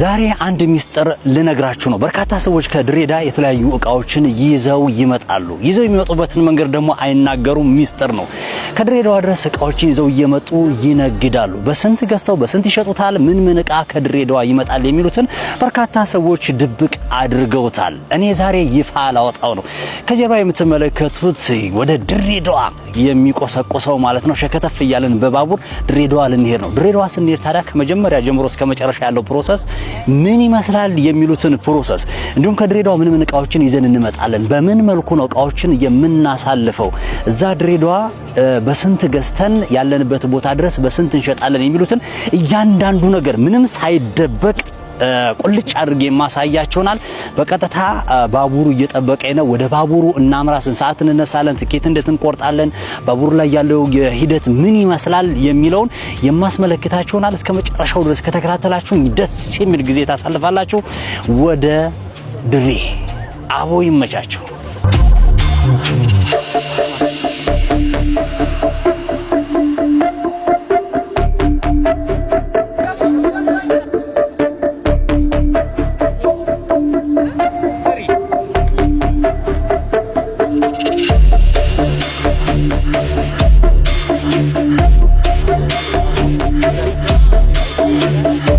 ዛሬ አንድ ሚስጥር ልነግራችሁ ነው። በርካታ ሰዎች ከድሬዳ የተለያዩ እቃዎችን ይዘው ይመጣሉ። ይዘው የሚመጡበትን መንገድ ደግሞ አይናገሩም። ሚስጥር ነው። ከድሬዳዋ ድረስ እቃዎችን ይዘው እየመጡ ይነግዳሉ። በስንት ገዝተው በስንት ይሸጡታል? ምን ምን እቃ ከድሬዳዋ ይመጣል? የሚሉትን በርካታ ሰዎች ድብቅ አድርገውታል። እኔ ዛሬ ይፋ ላወጣው ነው። ከጀርባ የምትመለከቱት ወደ ድሬዳዋ የሚቆሰቁሰው ማለት ነው። ሸከተፍ እያለን በባቡር ድሬዳዋ ልንሄድ ነው። ድሬዳዋ ስንሄድ ታዲያ ከመጀመሪያ ጀምሮ እስከ መጨረሻ ያለው ፕሮሰስ ምን ይመስላል የሚሉትን ፕሮሰስ እንዲሁም ከድሬዳዋ ምን ምን እቃዎችን ይዘን እንመጣለን፣ በምን መልኩ ነው እቃዎችን የምናሳልፈው እዛ ድሬዳዋ በስንት ገዝተን ያለንበት ቦታ ድረስ በስንት እንሸጣለን የሚሉትን እያንዳንዱ ነገር ምንም ሳይደበቅ ቁልጭ አድርጌ ማሳያቸውናል። በቀጥታ ባቡሩ እየጠበቀ ነው። ወደ ባቡሩ እናምራ። ስንት ሰዓት እንነሳለን? ትኬት እንዴት እንቆርጣለን? ባቡሩ ላይ ያለው ሂደት ምን ይመስላል የሚለውን የማስመለክታችሁናል። እስከ መጨረሻው ድረስ ከተከታተላችሁ ደስ የሚል ጊዜ ታሳልፋላችሁ። ወደ ድሬ አቦ ይመቻችሁ። Thank